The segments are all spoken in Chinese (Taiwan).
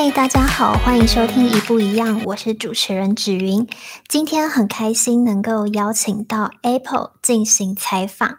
嗨、hey，大家好，歡迎收聽《醫不一樣》，我是主持人芷雲。今天很開心能夠邀請到 Apple 進行採訪。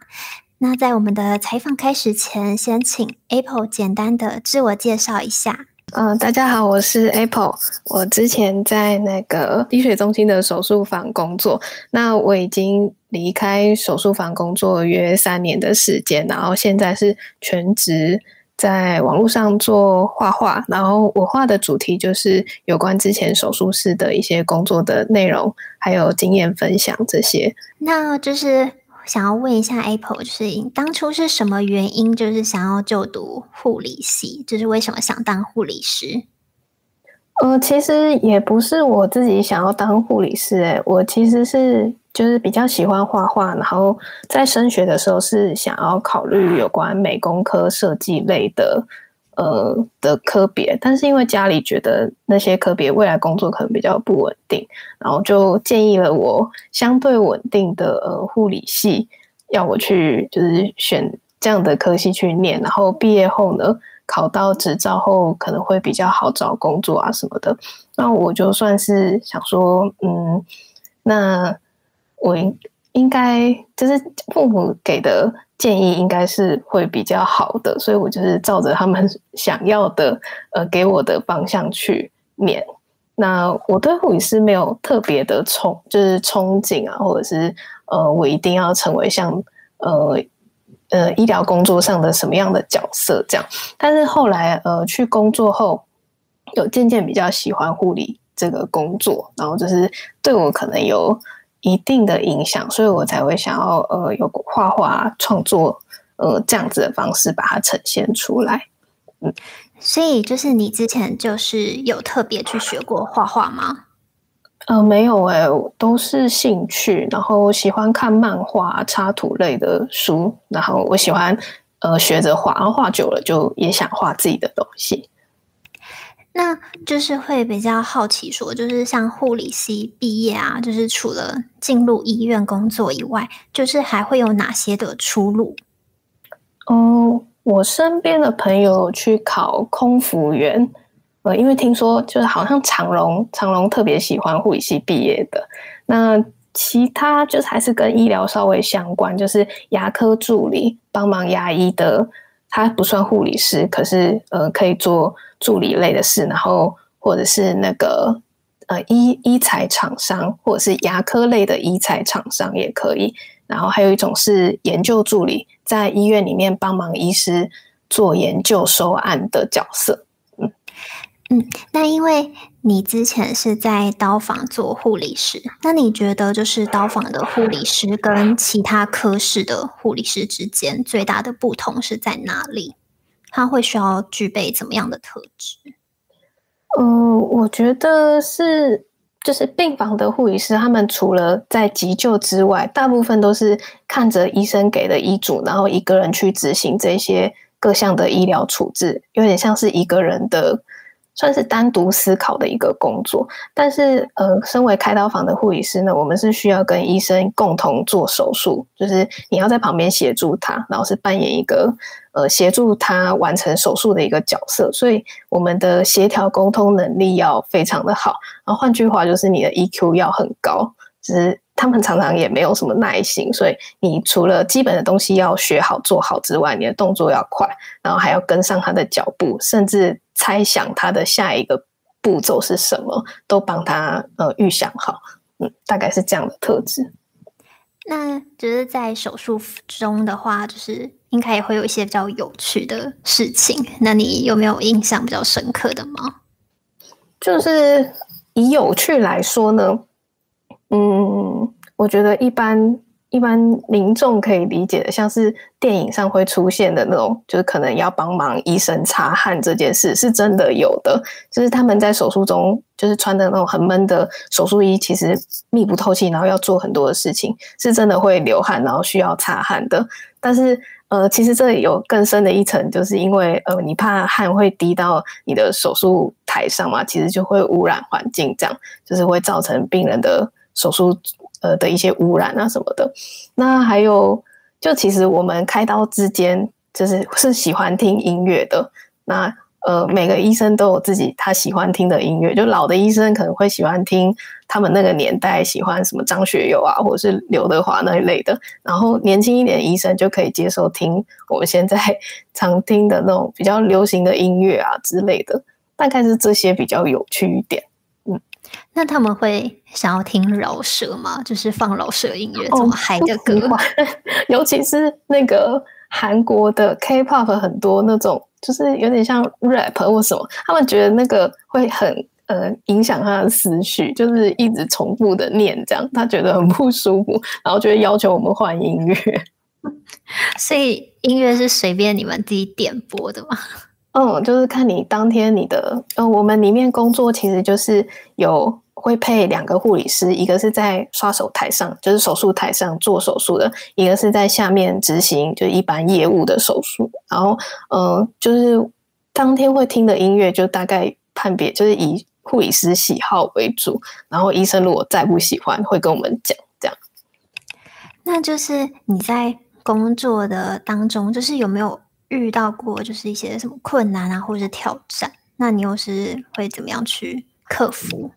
那在我們的採訪開始前，先請 Apple 簡單的自我介紹一下。嗯、呃，大家好，我是 Apple。我之前在那個醫學中心的手術房工作。那我已經離開手術房工作約三年的時間，然後現在是全職。在網絡上做畫畫，然後我畫的主題就是有關之前手術室的一些工作的內容，還有經驗分享這些。那就是想要問一下 Apple，就是當初是什麼原因，就是想要就讀護理系，就是為什麼想當護理師？呃，其實也不是我自己想要當護理師，欸，哎，我其實是。就是比較喜歡畫畫，然後在升學的時候是想要考慮有關美工科、設計類的，呃的科別，但是因為家裡覺得那些科別未來工作可能比較不穩定，然後就建議了我相對穩定的呃護理系，要我去就是選這樣的科系去念，然後畢業後呢，考到執照後可能會比較好找工作啊什麼的。那我就算是想說，嗯，那。我應應該就是父母給的建議應該是會比較好的，所以我就是照着他們想要的，呃，給我的方向去勉。那我對護理師沒有特別的憧，就是憧憬啊，或者是呃，我一定要成為像呃呃醫療工作上的什麼樣的角色這樣。但是後來呃去工作後，有漸漸比較喜歡護理這個工作，然後就是對我可能有。一定的影響，所以我才會想要呃有畫畫創作呃這樣子的方式把它呈現出來，嗯，所以就是你之前就是有特別去學過畫畫嗎？呃，沒有，欸，我都是興趣，然後喜歡看漫畫插圖類的書，然後我喜歡呃學着畫，然後畫久了就也想畫自己的東西。那就是會比較好奇說，說就是像護理系畢業啊，就是除了進入醫院工作以外，就是還會有哪些的出路？嗯，我身邊的朋友去考空服員，呃，因為聽說就是好像長榮，長榮特別喜歡護理系畢業的。那其他就是還是跟醫療稍微相關，就是牙科助理，幫忙牙醫的。他不算護理師，可是呃，可以做助理類的事，然後或者是那個呃醫醫材廠商，或者是牙科類的醫材廠商也可以。然後還有一種是研究助理，在醫院裡面幫忙醫師做研究收案的角色。嗯，那因為你之前是在刀房做護理師，那你覺得就是刀房的護理師跟其他科室的護理師之間最大的不同是在哪裡？他會需要具備怎麼樣的特質？嗯、呃，我覺得是，就是病房的護理師，他們除了在急救之外，大部分都是看着醫生給的醫囑，然後一個人去執行這些各項的醫療處置，有點像是一個人的。算是單獨思考的一個工作，但是呃，身為開刀房的護理師呢，我們是需要跟醫生共同做手術，就是你要在旁邊協助他，然後是扮演一個呃協助他完成手術的一個角色，所以我們的協調溝通能力要非常的好，然後換句話就是你的 EQ 要很高，只、就是他們常常也沒有什麼耐心，所以你除了基本的東西要學好做好之外，你的動作要快，然後還要跟上他的腳步，甚至。猜想他的下一個步驟是什麼，都幫他呃預想好，嗯，大概是這樣的特質。那就是在手術中的話，就是應該也會有一些比較有趣的事情。那你有沒有印象比較深刻的嗎？就是以有趣來說呢，嗯，我覺得一般。一般民眾可以理解的，像是電影上會出現的那種，就是可能要幫忙醫生擦汗這件事，是真的有的。就是他們在手術中，就是穿的那種很悶的手術衣，其實密不透氣，然後要做很多的事情，是真的會流汗，然後需要擦汗的。但是，呃，其實這裡有更深的一層，就是因為，呃，你怕汗會滴到你的手術台上嘛，其實就會污染環境，這樣就是會造成病人的手術，呃的一些污染啊什麼的，那還有就其實我們開刀之間就是是喜歡聽音樂的。那呃每個醫生都有自己他喜歡聽的音樂，就老的醫生可能會喜歡聽他們那個年代喜歡什麼張學友啊或者是劉德華那一類的，然後年輕一點的醫生就可以接受聽我們現在常聽的那種比較流行的音樂啊之類的，大概是這些比較有趣一點。那他們會想要聽饒舌嗎？就是放饒舌音樂，怎麼嗨的歌、哦？尤其是那個韓國的 K-pop，很多那種就是有點像 rap 或什麼，他們覺得那個會很呃影響他的思緒，就是一直重複的念這樣，他覺得很不舒服，然後就會要求我們換音樂。所以音樂是隨便你們自己點播的嗎？嗯，就是看你當天你的，嗯，我們裡面工作其實就是有會配兩個護理師，一個是在刷手台上，就是手術台上做手術的，一個是在下面執行就一般業務的手術。然後，呃，就是當天會聽的音樂，就大概判別就是以護理師喜好為主，然後醫生如果再不喜歡，會跟我們講這樣。那就是你在工作的當中，就是有沒有？遇到過就是一些什麼困難啊，或者挑戰，那你又是會怎麼樣去克服？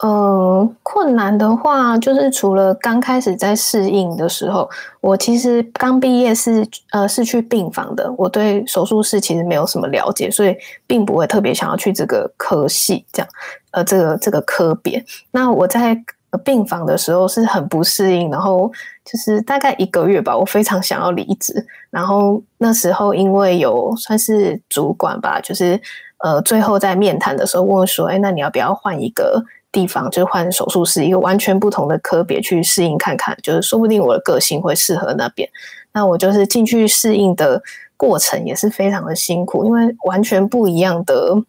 呃，困難的話，就是除了剛開始在適應的時候，我其實剛畢業是呃是去病房的，我對手術室其實沒有什麼了解，所以並不會特別想要去這個科系這樣，呃，這個這個科別。那我在。病房的時候是很不適應，然後就是大概一個月吧，我非常想要離職。然後那時候因為有算是主管吧，就是呃最後在面談的時候問我說：“欸，那你要不要換一個地方？就是換手術室，一個完全不同的科別去適應看看，就是說不定我的個性會適合那邊。”那我就是進去適應的過程也是非常的辛苦，因為完全不一樣的。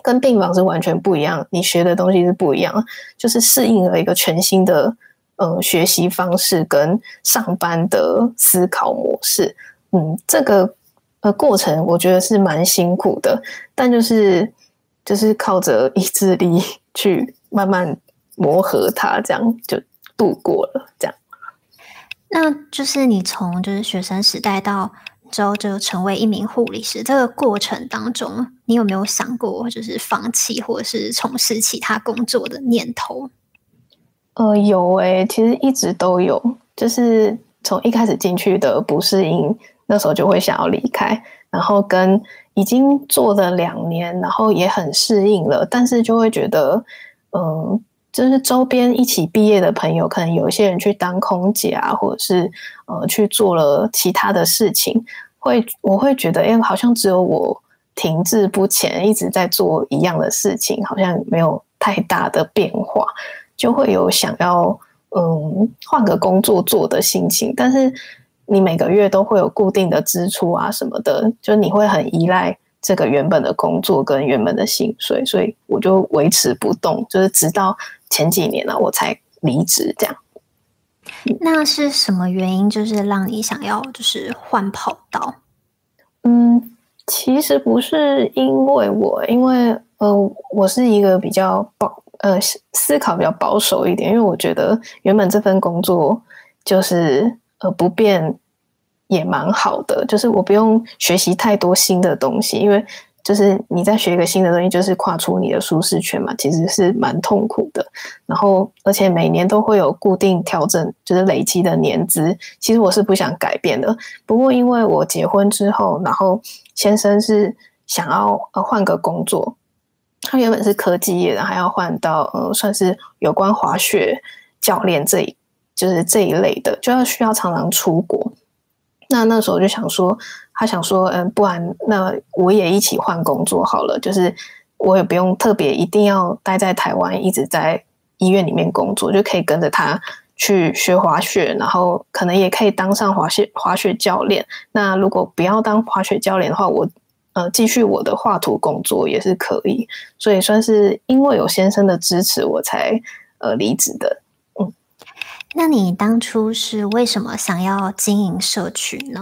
跟病房是完全不一樣，你學的東西是不一樣，就是適應了一個全新的嗯，呃，學習方式跟上班的思考模式。嗯，這個呃過程我覺得是蠻辛苦的，但就是就是靠着意志力去慢慢磨合它，這樣就度過了。這樣，那就是你從就是學生時代到。之後就成為一名護理師，這個過程當中，你有沒有想過就是放棄或者是從事其他工作的念頭？呃，有誒、欸，其實一直都有，就是從一開始進去的不適應，那時候就會想要離開，然後跟已經做了兩年，然後也很適應了，但是就會覺得，嗯、呃。就是週邊一起畢業的朋友，可能有一些人去當空姐啊，或者是呃去做了其他的事情，會我會覺得，誒，欸，好像只有我停滯不前，一直在做一樣的事情，好像沒有太大的變化，就會有想要嗯換個工作做的心情。但是你每個月都會有固定的支出啊什麼的，就你會很依賴。這個原本的工作跟原本的薪水，所以我就維持不動，就是直到前幾年了啊，我才離職這樣。那是什麼原因？就是讓你想要就是換跑道？嗯，其實不是因為我，因為呃，我是一個比較保呃，思考比較保守一點，因為我覺得原本這份工作就是呃不變。也蠻好的，就是我不用學習太多新的東西，因為就是你在學一個新的東西，就是跨出你的舒適圈嘛，其實是蠻痛苦的。然後，而且每年都會有固定調整，就是累積的年資。其實我是不想改變的，不過因為我結婚之後，然後先生是想要換個工作，他原本是科技業，然後還要換到呃，算是有關滑雪教練這一就是這一類的，就要需要常常出國。那那時候就想說，他想說，嗯，不然那我也一起換工作好了。就是我也不用特別一定要待在台灣，一直在醫院裡面工作，就可以跟着他去學滑雪，然後可能也可以當上滑雪滑雪教練。那如果不要當滑雪教練的話，我呃繼續我的畫圖工作也是可以。所以算是因為有先生的支持，我才呃離職的。那你當初是為什麼想要經營社群呢？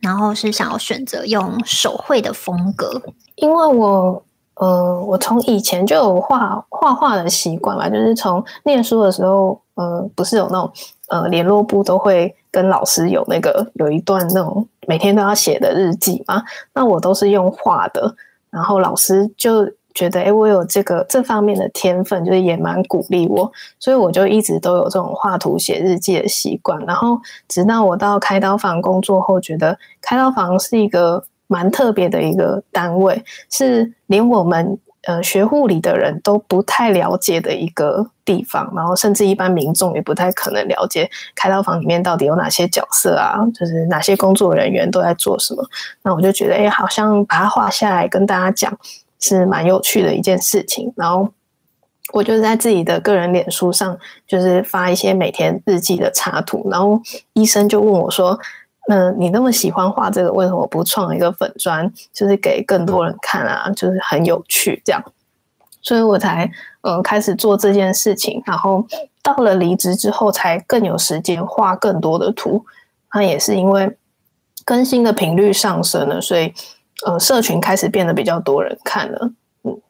然後是想要選擇用手繪的風格？因為我，呃，我從以前就有畫畫畫的習慣嘛，就是從念書的時候，呃，不是有那種，呃，聯絡簿都會跟老師有那個有一段那種每天都要寫的日記嘛，那我都是用畫的，然後老師就。覺得，欸，我有這個這方面的天分，就是也蠻鼓勵我，所以我就一直都有這種畫圖寫日記的習慣。然後直到我到開刀房工作後，覺得開刀房是一個蠻特別的一個單位，是連我們呃學護理的人都不太了解的一個地方，然後甚至一般民眾也不太可能了解開刀房裡面到底有哪些角色啊，就是哪些工作人員都在做什麼。那我就覺得，哎，欸，好像把它畫下來跟大家講。是蠻有趣的一件事情，然後我就是在自己的個人臉書上，就是發一些每天日記的插圖，然後醫生就問我說：“嗯、呃，你那麼喜歡畫這個，為什麼不創一個粉專，就是給更多人看啊？就是很有趣這樣。”所以我才嗯、呃，開始做這件事情，然後到了離職之後，才更有時間畫更多的圖。那也是因為更新的頻率上升了，所以。呃，社群開始變得比較多人看了，嗯，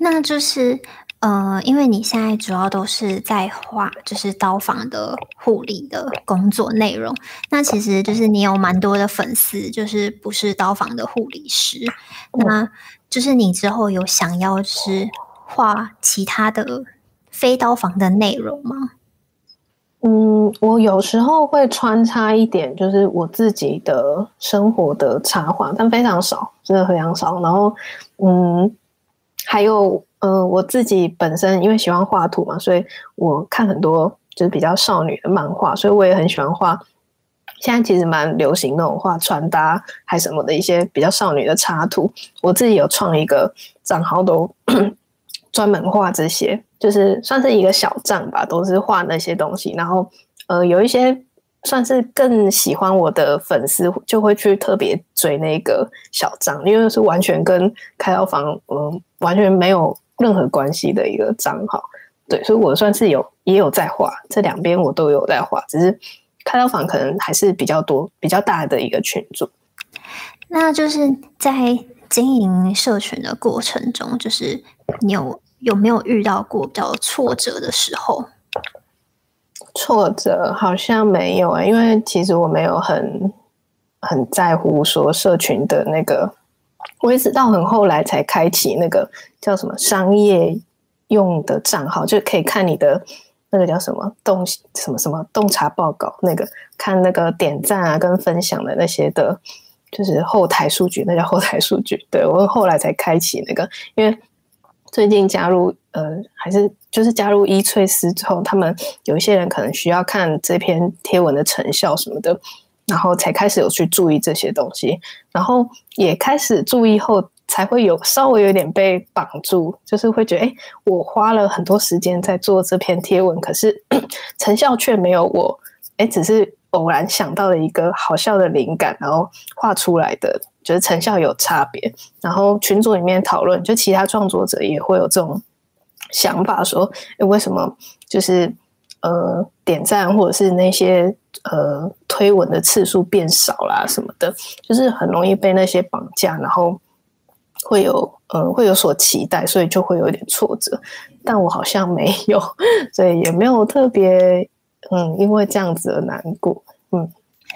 那就是呃，因為你現在主要都是在畫就是刀房的護理的工作內容。那其實就是你有蠻多的粉絲，就是不是刀房的護理師，那就是你之後有想要是畫其他的非刀房的內容嗎？我有時候會穿插一點，就是我自己的生活的插畫，但非常少，真的非常少。然後，嗯，還有，呃，我自己本身因為喜歡畫圖嘛，所以我看很多就是比較少女的漫畫，所以我也很喜歡畫。現在其實蠻流行那種畫穿搭還什麼的一些比較少女的插圖。我自己有創一個賬號，都專 門畫這些，就是算是一個小站吧，都是畫那些東西，然後。呃，有一些算是更喜歡我的粉絲，就會去特別追那個小帳，因為是完全跟開刀房嗯、呃、完全沒有任何關係的一個賬號。對，所以我算是有也有在畫這兩邊，我都有在畫，只是開刀房可能還是比較多比較大的一個群組。那就是在經營社群的過程中，就是你有有沒有遇到過比較挫折的時候？挫折好像沒有哎、欸，因為其實我沒有很很在乎說社群的那個，我一直到很後來才開啟那個叫什麼商業用的賬號，就可以看你的那個叫什麼洞什麼什麼洞察報告，那個看那個點讚啊跟分享的那些的，就是後台數據，那叫後台數據。對，我後來才開啟那個，因為。最近加入呃，還是就是加入醫淬思之後，他們有一些人可能需要看這篇貼文的成效什麼的，然後才開始有去注意這些東西，然後也開始注意後，才會有稍微有點被綁住，就是會覺得，哎、欸，我花了很多時間在做這篇貼文，可是 成效卻沒有我，哎、欸，只是偶然想到的一個好笑的靈感，然後畫出來的。覺得成效有差別，然後群組裡面討論，就其他創作者也會有這種想法，說：誒，為什麼就是呃點讚或者是那些呃推文的次數變少啦什麼的，就是很容易被那些綁架，然後會有呃會有所期待，所以就會有點挫折。但我好像沒有，所以也沒有特別嗯因為這樣子而難過。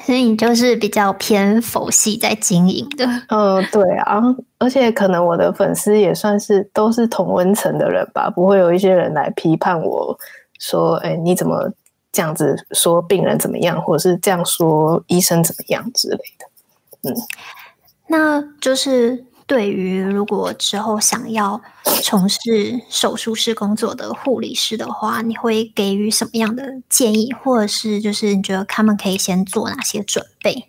所以你就是比較偏佛系在經營的，嗯，對啊，而且可能我的粉絲也算是都是同溫層的人吧，不會有一些人來批判我說，哎、欸，你怎麼這樣子說病人怎麼樣，或者是這樣說醫生怎麼樣之類的，嗯，那就是。對於如果之後想要從事手術室工作的護理師的話，你會給予什麼樣的建議，或者是就是你覺得他們可以先做哪些準備？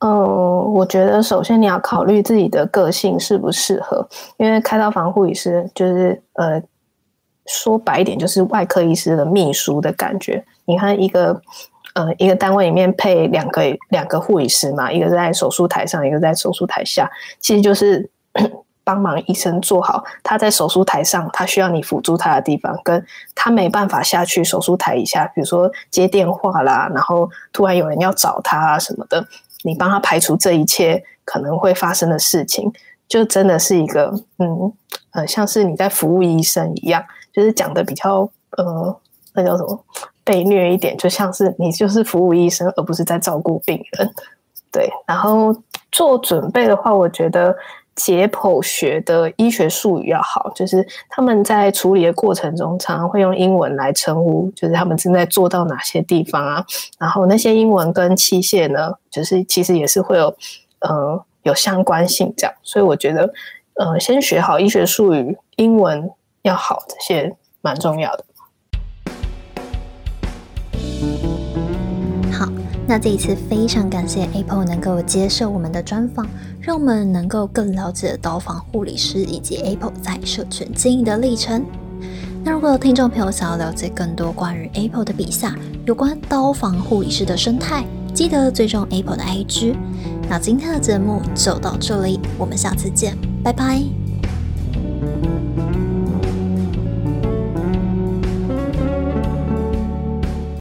呃，我覺得首先你要考慮自己的個性適不適合，因為開刀房護理師就是，呃，說白一點就是外科醫師的秘書的感覺。你看一個。呃，一個單位裡面配兩個兩個護理師嘛，一個在手術台上，一個在手術台下。其實就是幫忙醫生做好他在手術台上他需要你輔助他的地方，跟他沒辦法下去手術台一下，比如說接電話啦，然後突然有人要找他啊什麼的，你幫他排除這一切可能會發生的事情，就真的是一個嗯呃，像是你在服務醫生一樣，就是講的比較呃，那叫什麼？被虐一點，就像是你就是服務醫生，而不是在照顧病人。對，然後做準備的話，我覺得解剖學的醫學術語要好，就是他們在處理的過程中，常常會用英文來稱呼，就是他們正在做到哪些地方啊。然後那些英文跟器械呢，就是其實也是會有呃有相關性這樣。所以我覺得，呃，先學好醫學術語，英文要好，這些蠻重要的。那這一次非常感謝 Apple 能夠接受我們的專訪，讓我們能夠更了解刀房護理師以及 Apple 在社群經營的歷程。那如果有聽眾朋友想要了解更多關於 Apple 的筆下有關刀房護理師的生態，記得追蹤 Apple 的 IG。那今天的節目就到這裡，我們下次見，拜拜。